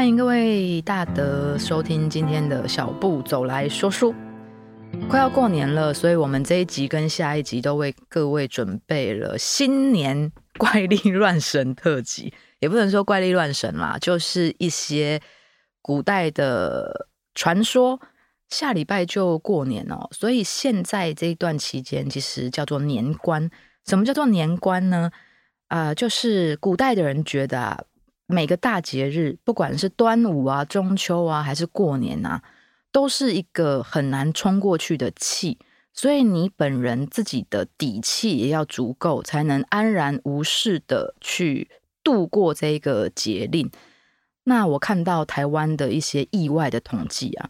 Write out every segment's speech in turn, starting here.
歡迎各位大德收聽今天的小步走來說書。快要過年了，所以我們這一集跟下一集都為各位準備了新年怪力亂神特輯，也不能說怪力亂神啦，就是一些古代的傳說。下禮拜就過年哦，所以現在這一段期間其實叫做年關。什麼叫做年關呢？啊，呃，就是古代的人覺得啊。每個大節日，不管是端午啊、中秋啊，還是過年啊，都是一個很難衝過去的氣，所以你本人自己的底氣也要足夠，才能安然無事的去度過這個節令。那我看到台灣的一些意外的統計啊，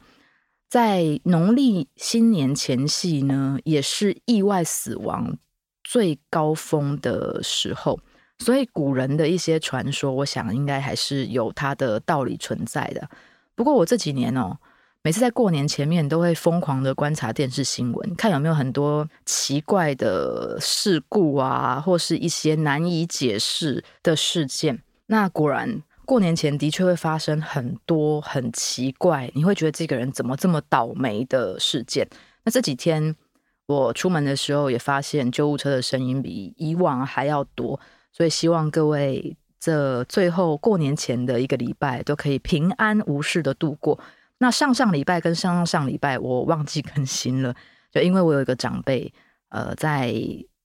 在農曆新年前夕呢，也是意外死亡最高峰的時候。所以古人的一些傳說，我想應該還是有它的道理存在的。不過我這幾年哦、喔，每次在過年前面都會瘋狂的觀察電視新聞，看有沒有很多奇怪的事故啊，或是一些難以解釋的事件。那果然過年前的確會發生很多很奇怪，你會覺得這個人怎麼這麼倒霉的事件。那這幾天我出門的時候也發現救護車的聲音比以往還要多。所以希望各位這最後過年前的一個禮拜都可以平安無事的度過。那上上禮拜跟上上上禮拜我忘記更新了，就因為我有一個長輩，呃，在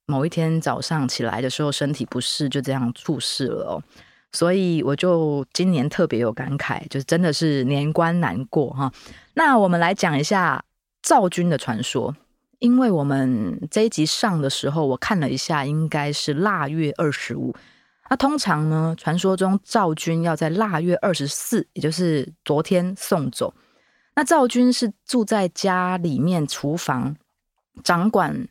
某一天早上起來的時候身體不適，就這樣猝逝了哦。所以我就今年特別有感慨，就是真的是年關難過哈。那我們來講一下灶君的傳說。因為我們這一集上的時候，我看了一下，應該是臘月二十五。那通常呢，傳說中灶君要在臘月二十四，也就是昨天送走。那灶君是住在家裡面廚房，掌管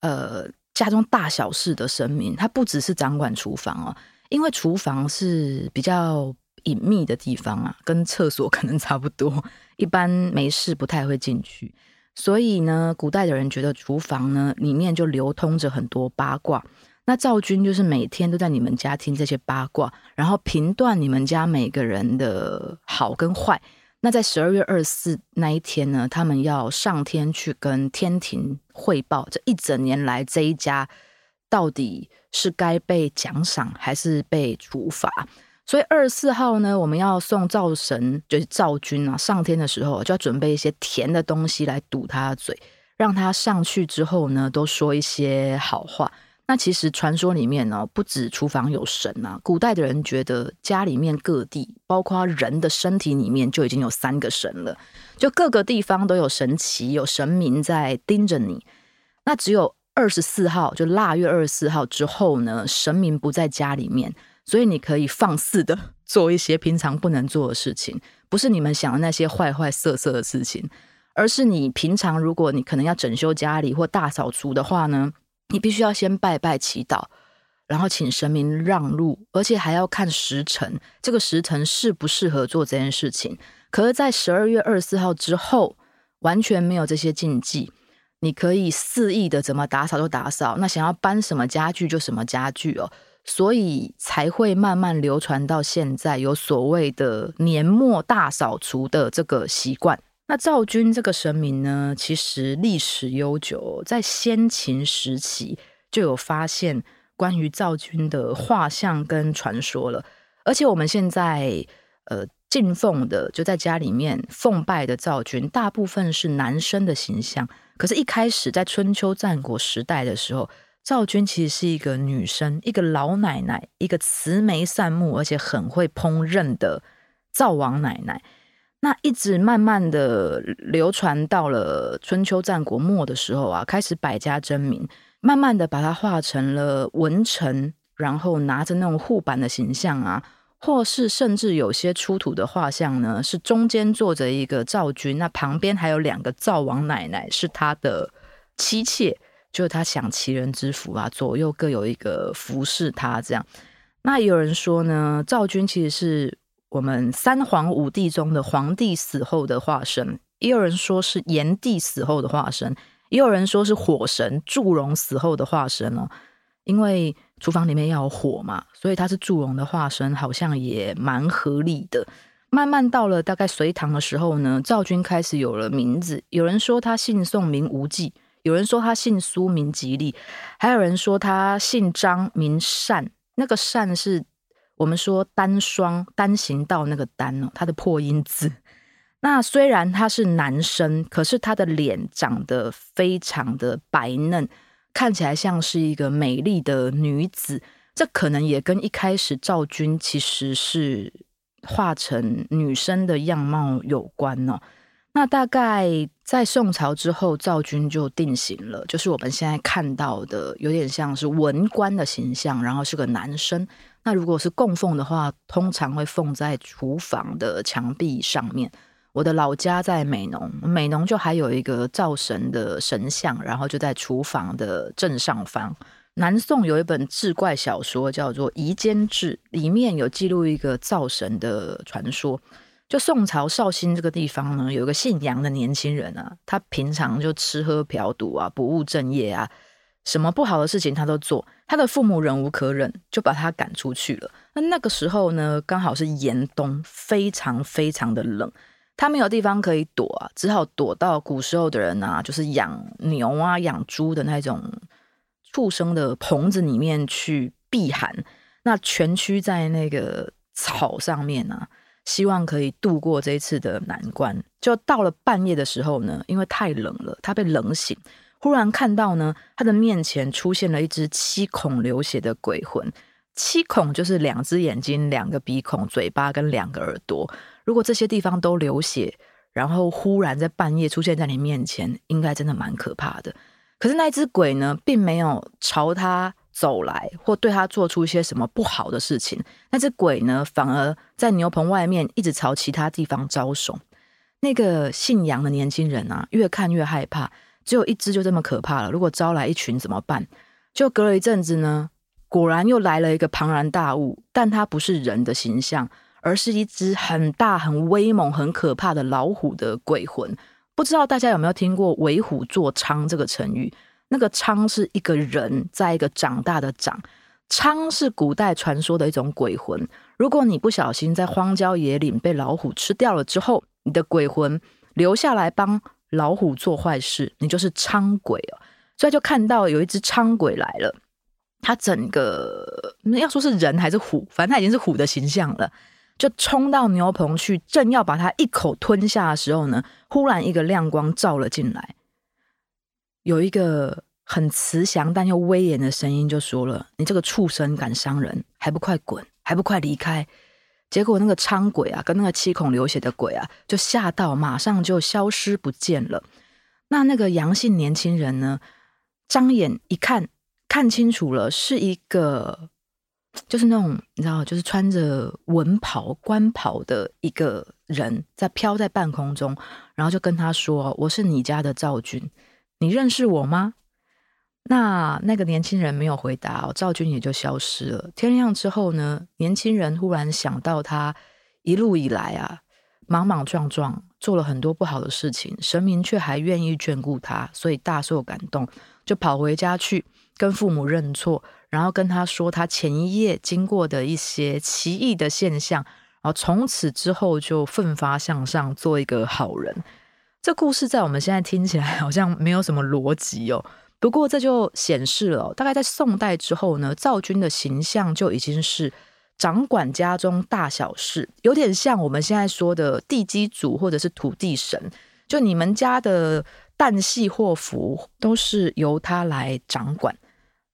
呃家中大小事的神明。他不只是掌管廚房哦，因為廚房是比較隱祕的地方啊，跟廁所可能差不多，一般沒事不太會進去。所以呢，古代的人覺得廚房呢，裡面就流通着很多八卦。那灶君就是每天都在你們家聽這些八卦，然後評斷你們家每個人的好跟壞。那在十二月二十四那一天呢，他們要上天去跟天庭匯報，這一整年來這一家到底是該被獎賞還是被處罰。所以二十四號呢，我們要送灶神，就是灶君啊，上天的時候就要準備一些甜的東西來堵他的嘴，讓他上去之後呢，都說一些好話。那其實傳說裡面呢、哦，不止廚房有神啊，古代的人覺得家裡面各地，包括人的身體裡面，就已經有三個神了，就各個地方都有神奇，有神明在盯着你。那只有二十四號，就臘月二十四號之後呢，神明不在家裡面。所以你可以放肆的做一些平常不能做的事情，不是你們想的那些壞壞色色的事情，而是你平常如果你可能要整修家裡或大掃除的話呢，你必須要先拜拜祈禱，然後請神明讓路，而且還要看時辰，這個時辰適不適合做這件事情。可是，在十二月二十四號之後，完全沒有這些禁忌，你可以肆意的怎麼打掃就打掃，那想要搬什麼家具就什麼家具哦。所以才會慢慢流傳到現在，有所謂的年末大掃除的這個習慣。那灶君這個神明呢，其實歷史悠久，在先秦時期就有發現關於灶君的畫像跟傳說了。而且我們現在呃敬奉的，就在家裡面奉拜的灶君，大部分是男生的形象。可是，一開始在春秋戰國時代的時候，灶君其實是一個女生，一個老奶奶，一個慈眉善目而且很會烹飪的灶王奶奶。那一直慢慢的流傳到了春秋戰國末的時候啊，開始百家爭鳴，慢慢的把它畫成了文臣，然後拿着那種笏板的形象啊，或是甚至有些出土的畫像呢，是中間坐着一個灶君，那旁邊還有兩個灶王奶奶，是他的妻妾。就是他享其人之福吧，啊，左右各有一個服侍他這樣。那也有人說呢，灶君其實是我們三皇五帝中的皇帝死後的化身，也有人說是炎帝死後的化身，也有人說是火神祝融死後的化身哦。因為廚房裡面要有火嘛，所以他是祝融的化身，好像也蠻合理的。慢慢到了大概隋唐的時候呢，灶君開始有了名字，有人說他姓宋名無忌。有人說他姓蘇名吉利，還有人說他姓張名善。那個善是，我們說單雙單行道那個單哦，他的破音字。那雖然他是男生，可是他的臉長得非常的白嫩，看起來像是一個美麗的女子。這可能也跟一開始灶君其實是化成女生的樣貌有關哦。那大概。在宋朝之後，灶君就定型了，就是我們現在看到的，有點像是文官的形象，然後是個男生。那如果是供奉的話，通常會奉在廚房的牆壁上面。我的老家在美濃，美濃就還有一個灶神的神像，然後就在廚房的正上方。南宋有一本志怪小說叫做《夷堅志》，裡面有記錄一個灶神的傳說。就宋朝紹興這個地方呢，有一個姓楊的年輕人啊，他平常就吃喝嫖賭啊，不務正業啊，什麼不好的事情他都做。他的父母忍無可忍，就把他趕出去了。那那個時候呢，剛好是嚴冬，非常非常的冷，他沒有地方可以躲啊，只好躲到古時候的人啊，就是養牛啊、養豬的那種畜生的棚子裡面去避寒。那蜷曲在那個草上面呢、啊。希望可以度過這一次的難關。就到了半夜的時候呢，因為太冷了，他被冷醒，忽然看到呢，他的面前出現了一隻七孔流血的鬼魂。七孔就是兩隻眼睛、兩個鼻孔、嘴巴跟兩個耳朵。如果這些地方都流血，然後忽然在半夜出現在你面前，應該真的蠻可怕的。可是那隻鬼呢，並沒有朝他。走來，或對他做出一些什麼不好的事情，那只鬼呢，反而在牛棚外面一直朝其他地方招手。那個姓楊的年輕人啊，越看越害怕，只有一只就這麼可怕了。如果招來一群怎麼辦？就隔了一陣子呢，果然又來了一個龐然大物，但它不是人的形象，而是一只很大、很威猛、很可怕的老虎的鬼魂。不知道大家有沒有聽過“為虎作倀”這個成語？那個倀是一個人在一個長大的長，倀是古代傳說的一種鬼魂。如果你不小心在荒郊野嶺被老虎吃掉了之後，你的鬼魂留下來幫老虎做壞事，你就是倀鬼哦。所以就看到有一隻倀鬼來了，他整個那要說是人還是虎，反正他已經是虎的形象了，就衝到牛棚去，正要把他一口吞下的時候呢，忽然一個亮光照了進來。有一個很慈祥但又威嚴的聲音就說了：“你這個畜生，敢傷人，還不快滾，還不快離開！”結果那個倀鬼啊，跟那個七孔流血的鬼啊，就嚇到，馬上就消失不見了。那那個楊姓年輕人呢，張眼一看，看清楚了，是一個就是那種你知道，就是穿着文袍官袍的一個人，在飄在半空中，然後就跟他說：“我是你家的趙君。”你認識我嗎？那那個年輕人沒有回答，趙君也就消失了。天亮之後呢，年輕人忽然想到，他一路以來啊，莽莽撞撞，做了很多不好的事情，神明卻還願意眷顧他，所以大受感動，就跑回家去跟父母認錯，然後跟他說他前一夜經過的一些奇異的現象，然後從此之後就奮發向上，做一個好人。這故事在我們現在聽起來好像沒有什麼邏輯哦，不過這就顯示了、哦，大概在宋代之後呢，灶君的形象就已經是掌管家中大小事，有點像我們現在說的地基主或者是土地神，就你們家的旦夕禍福都是由他來掌管。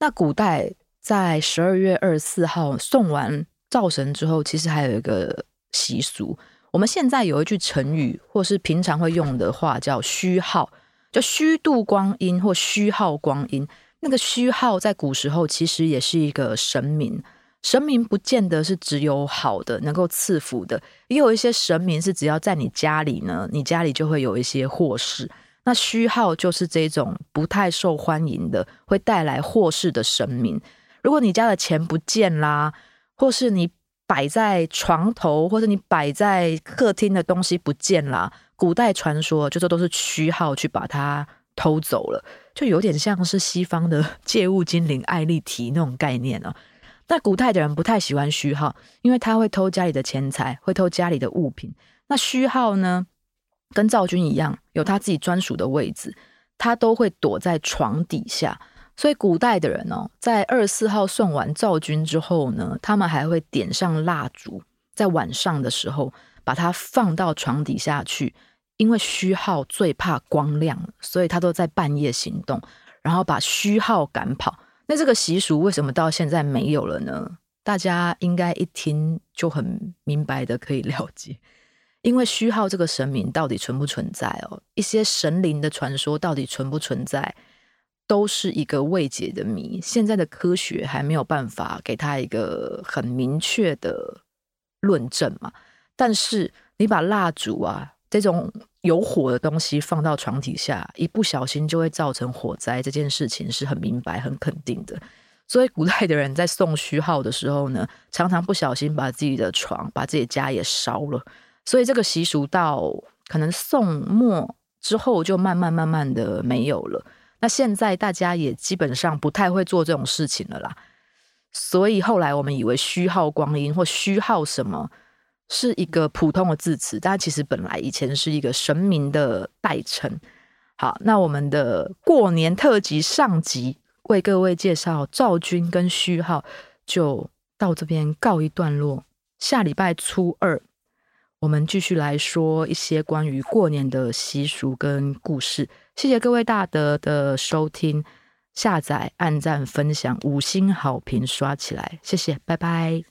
那古代在十二月二十四號送完灶神之後，其實還有一個習俗。我們現在有一句成語，或是平常會用的話，叫“虛耗”，就虛度光陰或虛耗光陰。那個“虛耗”在古時候其實也是一個神明，神明不見得是只有好的，能夠賜福的，也有一些神明是只要在你家裡呢，你家裡就會有一些禍事。那“虛耗”就是這種不太受歡迎的，會帶來禍事的神明。如果你家的錢不見啦，或是你……擺在床頭或者你擺在客廳的東西不見了，啊，古代傳說就是都是虛耗去把它偷走了，就有點像是西方的借物精靈艾莉緹那種概念啊，哦。那古代的人不太喜歡虛耗，因為他會偷家裡的錢財，會偷家裡的物品。那虛耗呢，跟灶君一樣，有他自己專屬的位置，他都會躲在床底下。所以古代的人哦，在二十四號送完灶君之後呢，他們還會點上蠟燭，在晚上的時候把它放到床底下去，因為虛耗最怕光亮，所以他都在半夜行動，然後把虛耗趕跑。那這個習俗為什麼到現在沒有了呢？大家應該一聽就很明白的可以了解，因為虛耗這個神明到底存不存在哦？一些神靈的傳說到底存不存在？都是一個未解的謎，現在的科學還沒有辦法給他一個很明確的論證嘛。但是你把蠟燭啊這種有火的東西放到床底下，一不小心就會造成火災，這件事情是很明白、很肯定的。所以古代的人在送虛耗的時候呢，常常不小心把自己的床、把自己家也燒了。所以這個習俗到可能宋末之後就慢慢慢慢的沒有了。那現在大家也基本上不太會做這種事情了啦，所以後來我們以為虛耗光陰或虛耗什麼是一個普通的字詞，但其實本來以前是一個神明的代稱。好，那我們的過年特輯上集為各位介紹灶君跟虛耗，就到這邊告一段落。下禮拜初二。我們繼續來說一些關於過年的習俗跟故事。謝謝各位大德的收聽、下載、按讚、分享、五星好評刷起來！謝謝，拜拜。